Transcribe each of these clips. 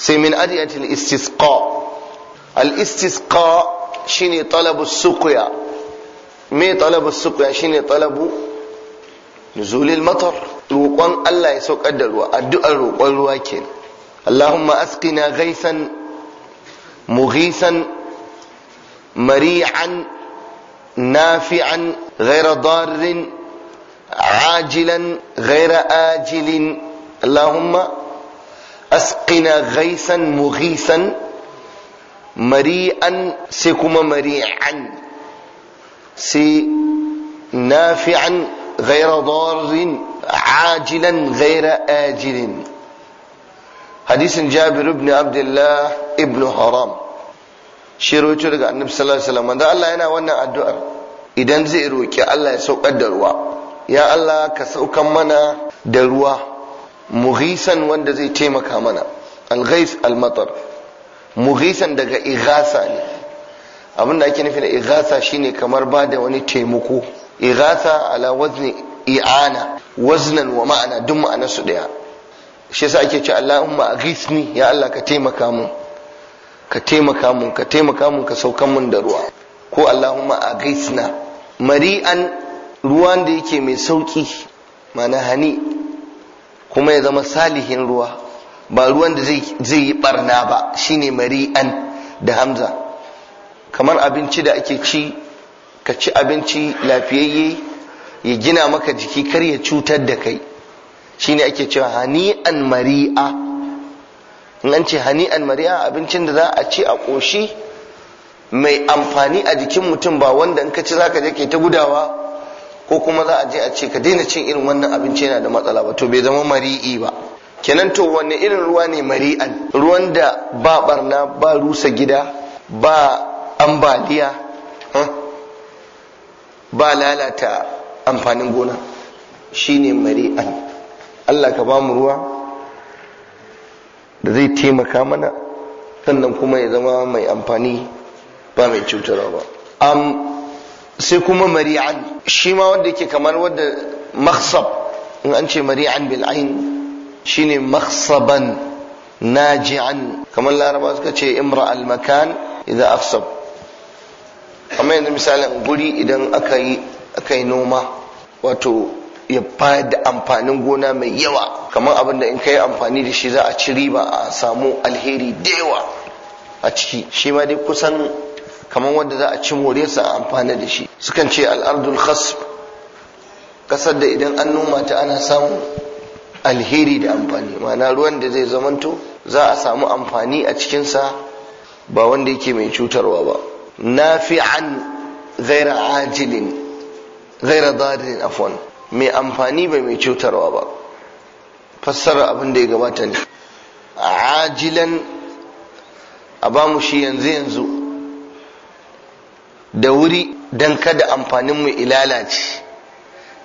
sai min adiyatil istisqa al istisqa shine talabu suqya me talabu suqya shine talabu nuzulil matar roƙon Allah ya saukar da ruwa addu'ar roƙon ruwa ke Allahumma asqina ghaisan mughisan mari'an nafi'an ghaira darrin ajilan ghaira ajilin Allahumma asqina ghaisan mughisan mari'an sai kuma mari'an sai nafi'an ghaira darrin ajilan ghaira ajilin hadisin jabir ibn ibn haram shi roci daga annabi sallallahu alaihi wasallam da Allah yana wannan addu'ar idan zai roki Allah ya saukar da ruwa ya Allah ka sauka mana da ruwa Muhisan wanda zai taimaka mana al-ghais al-matar Muhisan daga igasa ne abin da ake nufi da igasa shine kamar ba da wani taimako igasa ala wazni i'ana waznan wa ma'ana duk ma'ana su daya shi yasa ake cewa Allahumma aghisni ya Allah ka taimaka mun ka taimaka mun ka taimaka mun ka saukan mun da ruwa ko Allahumma aghisna mari'an ruwan da yake mai sauki mana hani kuma ya zama salihin ruwa ba ruwan da zai yi barna ba shine mari'an da hamza kamar abinci da ake ci ka ci abinci lafiyayye ya gina maka jiki kar ya cutar da kai shine ake cewa hani'an mari'a in an ce hani'an mari'a abincin da za a ci a ƙoshi mai amfani a jikin mutum ba wanda in ka ci zaka je ke ta gudawa ko kuma za a je a ce ka daina cin irin wannan abinci yana da matsala ba to bai zama mari'i ba kenan to wanne irin ruwa ne mari'an ruwan da ba barna ba rusa gida ba ambaliya ba lalata amfanin gona shine mari'an Allah ka ba mu ruwa da zai taimaka mana sannan kuma ya zama mai amfani ba mai cutarwa ba sai kuma mari'an shi ma wanda yake kamar wanda makhsab in an ce mari'an bil'ain ain shine maksaban naji'an kamar laraba suka ce imra al makan idza afsab yanzu misalin guri idan aka yi noma wato ya bayar da amfanin gona mai yawa kamar abin da in ka yi amfani da shi za a ci riba a samu alheri da yawa a ciki shi ma dai kusan kamar wanda za a ci more sa a amfani da shi sukan ce al'ardul khasb kasar da idan an noma ta ana samun alheri da amfani ma'ana ruwan da zai zamanto za a samu amfani a cikinsa ba wanda yake mai cutarwa ba nafi'an ghaira ajilin ghaira darin afwan mai amfani bai mai cutarwa ba fassara abin da ya gabata ne ajilan a bamu shi yanzu yanzu da wuri don kada amfaninmu ilalace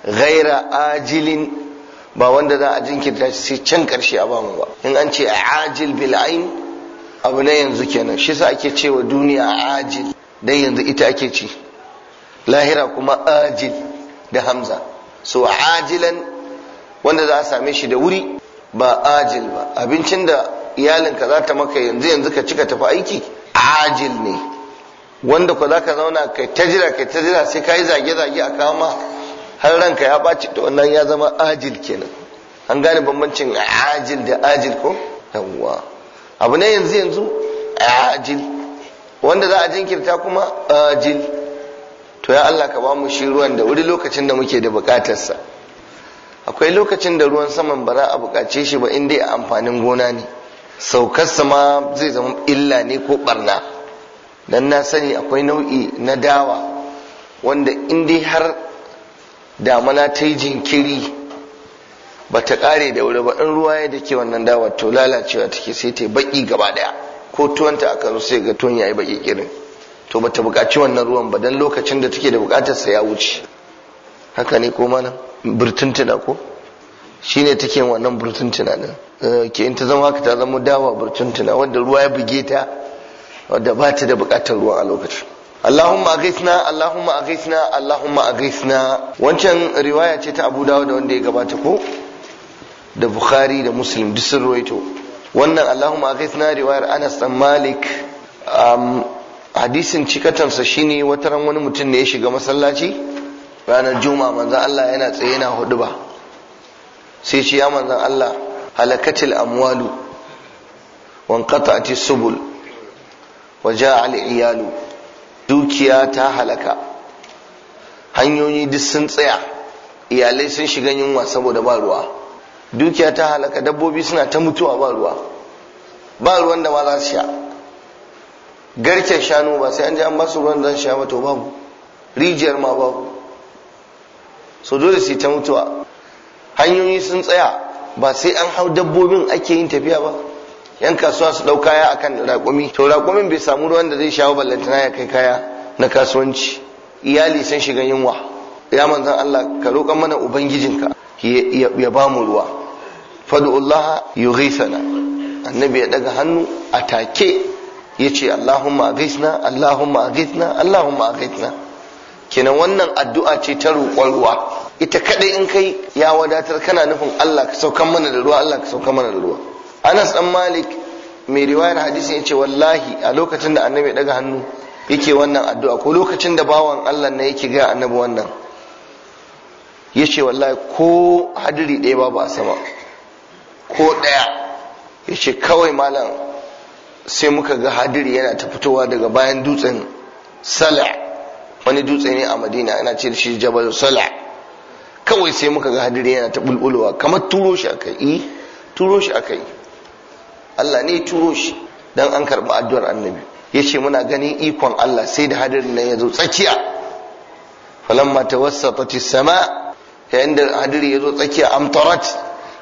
ghaira ajilin ba wanda za a jinkirta sai can karshe a bamu ba in an ce ajil bil ain abu na yanzu kenan shi sa ake cewa duniya ajil dan yanzu ita ake ci lahira kuma ajil da hamza so ajilan wanda za a same shi da wuri ba ajil ba abincin da iyalinka za ta maka yanzu yanzu ka cika tafi aiki ajil ne wanda ko ka zauna kai ta jira kai ta jira sai ka yi zage zage a kama har ranka ya baci to wannan ya zama ajil kenan an gane bambancin ajil da ajil ko yawwa abu ne yanzu yanzu ajil wanda za a jinkirta kuma ajil to ya Allah ka ba mu shi ruwan da wuri lokacin da muke da bukatarsa akwai lokacin da ruwan saman ba za a bukace shi ba in dai amfanin gona ne saukarsa ma zai zama illa ne ko barna dan na sani akwai nau'i na dawa wanda in har damana ta yi jinkiri ba ta kare da wuri ba in ruwa ya dake wannan dawa to lalacewa take sai ta baki gaba daya ko tuwanta aka zo sai ga tuwon yayi baki kirin to ba ta bukaci wannan ruwan ba dan lokacin da take da bukatar sa ya wuce haka ne ko mana burtuntuna ko shine take wannan burtuntuna din eh, ke in ta zama haka ta zama dawa burtuntuna wanda ruwa ya buge ta wadda ba ta da bukatar ruwa a lokacin Allahumma agaisna Allahumma agaisna Allahumma agaisna wancan riwaya ce ta Abu Dawud wanda ya gabata ko da Bukhari da Muslim duk sun ruwaito wannan Allahumma agaisna riwayar Anas dan Malik um, hadisin cikatansa shine wata ran wani mutum ne ya shiga masallaci ranar juma'a manzon Allah yana tsaye yana ba. sai ce ya manzon Allah halakatil amwalu wanqata'atis subul wa ja'a iyalu dukiya ta halaka hanyoyi duk sun tsaya iyalai sun shiga yunwa saboda ba ruwa dukiya ta halaka dabbobi suna ta mutuwa ba ruwa ba ruwan da ba za su sha garken shanu ba sai an ji an ba su ruwan da za su sha ba to babu rijiyar ma babu so dole su ta mutuwa hanyoyi sun tsaya ba sai an hau dabbobin ake yin tafiya ba yan kasuwa su ɗau kaya akan raƙumi to raƙumin bai samu ruwan da zai shawo ballantana ya kai kaya na kasuwanci iyali sun shiga yunwa ya manzan Allah ka roƙan mana ubangijinka ya ba mu ruwa fad'ullaha yughisana annabi ya daga hannu a take yace Allahumma aghithna Allahumma aghithna Allahumma aghithna kenan wannan addu'a ce ta roƙon ruwa ita kadai in kai ya wadatar kana nufin Allah ka saukan mana da ruwa Allah ka saukan mana da ruwa anas dan malik mai riwayar hadisi ya ce wallahi a lokacin da annabi daga hannu yake wannan addu'a ko lokacin da bawan allah na yake ga annabi wannan yace wallahi ko hadiri ɗaya babu a sama ko ɗaya ya kawai malam sai muka ga hadiri yana ta fitowa daga bayan dutsen sala wani dutse ne a madina ana ce da shi jabal sala kawai sai muka ga hadiri yana ta bulbulowa kamar turo shi akai turo shi aka Allah ne turo shi dan an karbi addu'ar annabi yace muna ganin ikon Allah sai da hadirin nan yazo tsakiya falamma tawassatati sama yayin da hadiri ya zo tsakiya amtarat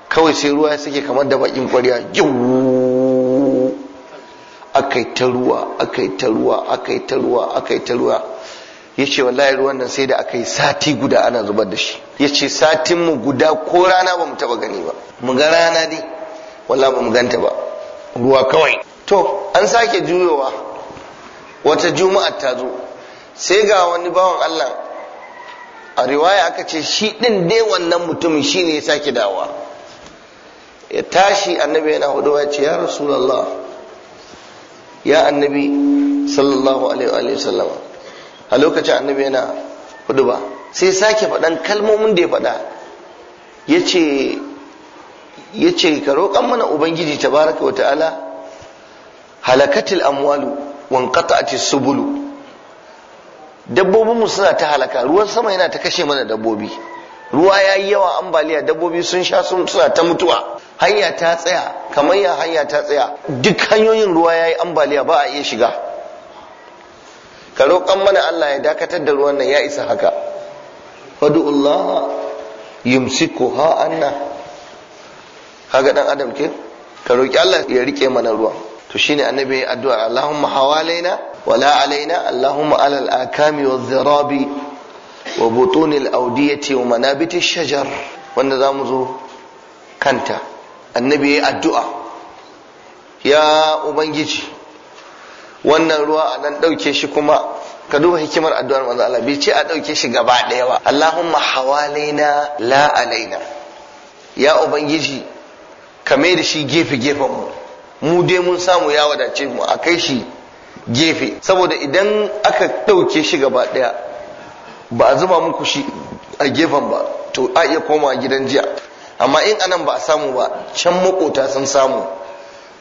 kawai sai ruwa ya sake kamar da bakin kwariya akai ta ruwa akai ta ruwa akai ta ruwa akai ta ruwa yace wallahi ruwan nan sai da aka sati guda ana zubar da shi yace satin mu guda ko rana bamu mu taba gani ba mu ga rana dai wallahi ba mu ganta ba ruwa kawai to an sake juyowa wata juma'a ta zo sai ga wani bawan Allah a riwaya aka ce shi ɗin dai wannan mutumin shi ne ya sake dawa ya tashi annabi yana hudu ya ce ya rasulallah ya annabi sallallahu alaihi wa sallam a lokacin annabi yana hudu ba sai sake faɗan kalmomin da ya faɗa ya ce ya ce ka roƙon mana ubangiji tabaraka wa ta'ala halakatil amwalu wan qata'atis subulu dabbobin mu suna ta halaka ruwan sama yana ta kashe mana dabbobi ruwa ya yi yawa ambaliya dabbobi sun sha sun suna ta mutuwa hanya ta tsaya kamar ya hanya ta tsaya duk hanyoyin ruwa ya yi ambaliya ba a iya shiga ka roƙon mana Allah ya dakatar da ruwan nan ya isa haka fadu'ullaha yumsikuha kaga dan adam ke ka roki Allah ya rike mana ruwa. to shine annabi ya addu'a Allahumma hawalaina wala alaina Allahumma alal akami wa zirabi wa al awdiyati wa ash shajar wanda zamu zo kanta annabi ya addu'a ya ubangiji wannan ruwa a nan dauke shi kuma ka duba hikimar addu'ar manzo Allah bai ce a dauke shi gaba daya ba Allahumma hawalaina la alaina ya ubangiji ka mai da shi gefe gefen mu mu dai mun samu ya wadace mu a kai shi gefe saboda idan aka ɗauke shi gaba ɗaya ba a zuba muku shi a gefen ba to a iya koma gidan jiya amma in anan ba a samu ba can makota sun samu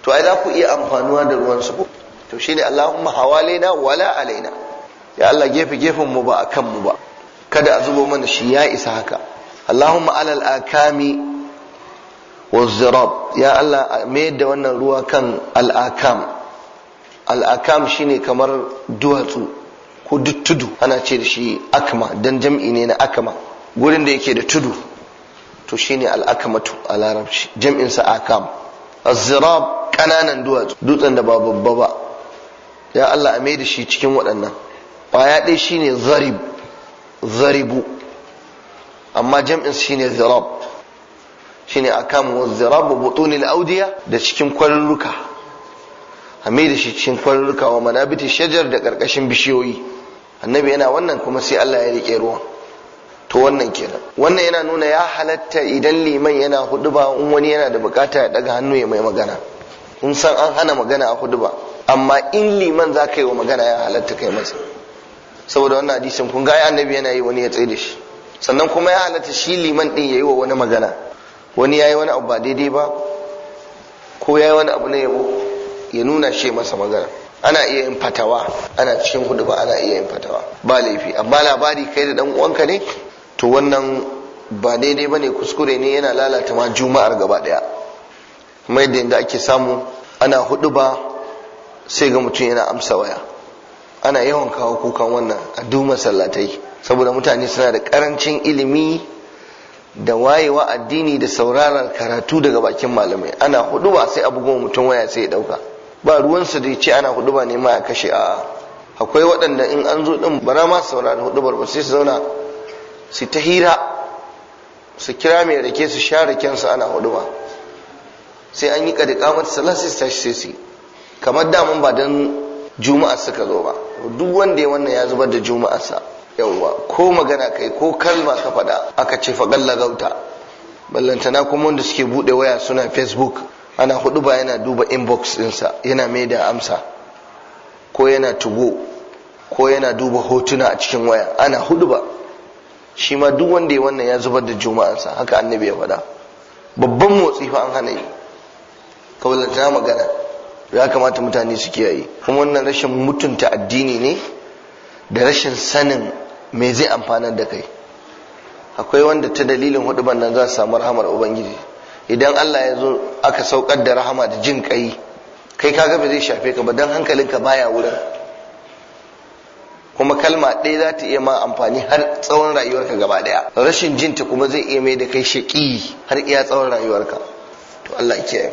to ai za ku iya amfanuwa da ruwan su to shi ne Allahumma hawalaina wala alaina ya Allah gefe gefen mu ba kan mu ba kada a zubo mana shi ya isa haka Allahumma alal akami wazzirab ya Allah mayar da wannan ruwa kan Al-Akam. Al-Akam al'akam shine kamar duwatsu ko duk tudu ana ce da shi akma dan jam'i ne na akama gurin da yake da tudu to shine al'akamatu a larabci Jam'insa sa akam azzirab kananan duwatsu dutsen da ba babba ba ya Allah a mayar da shi cikin waɗannan Baya ɗaya shine zarib zaribu amma jam'in shine zirab shine akan zirabu butunil audiya da cikin kwarurruka a da shi cikin kwarurruka wa manabiti shajar da karkashin bishiyoyi annabi yana wannan kuma sai Allah ya rike ruwan to wannan kenan wannan yana nuna ya halatta idan liman yana huduba in wani yana da bukata ya daga hannu ya mai magana kun san an hana magana a huduba amma in liman za ka yi wa magana ya halatta kai masa saboda wannan hadisin kun ga annabi yana yi wani ya tsaye da shi sannan kuma ya halatta shi liman din ya yi wa wani magana wani ya yi wani abu ba daidai ba ko ya yi wani abu na yabo ya nuna shi masa magana ana iya yin fatawa ana cikin hudu ba ana iya yin fatawa ba laifi amma labari kai da dan uwanka ne to wannan ba daidai ba ne kuskure ne yana lalata ma juma'ar gaba daya kuma yadda yanda ake samu ana hudu ba sai ga mutum yana amsa waya ana yawan kawo kukan wannan a duk masallatai saboda mutane suna da karancin ilimi da wayewa addini da sauraron karatu daga bakin malamai ana hudu ba sai abu goma mutum waya sai ya dauka ba ruwansa da ce ana hudu ba ne ma ya kashe a akwai waɗanda in an zo din bara ma sauraron hudu ba sai su zauna su ta hira su kira mai rake su sha rakensu ana hudu ba sai an yi kadika mata sallah sai su tashi sai su kamar daman ba dan juma'a suka zo ba duk wanda ya wannan ya zubar da juma'arsa yawwa ko magana kai ko kalma ka faɗa aka ce fa gauta ballantana kuma wanda suke buɗe waya suna facebook ana hudu ba yana duba inbox ɗinsa yana mai da amsa ko yana tugo ko yana duba hotuna a cikin waya ana hudu ba shi ma duk wanda ya wannan ya zubar da juma'ansa haka annabi ya faɗa babban motsi fa an hana yi kawalanta magana ya kamata mutane su kiyaye kuma wannan rashin mutunta addini ne da rashin sanin me zai amfanar da kai akwai wanda ta dalilin hudu nan za su samu rahamar ubangiji idan Allah ya zo aka saukar da rahama da jin kai kai kaga ba zai shafe ka ba dan hankalinka baya wurin kuma kalma ɗaya za ta iya ma amfani har tsawon rayuwarka gaba ɗaya rashin jinta kuma zai iya mai da kai shaƙi har iya tsawon rayuwarka to Allah ya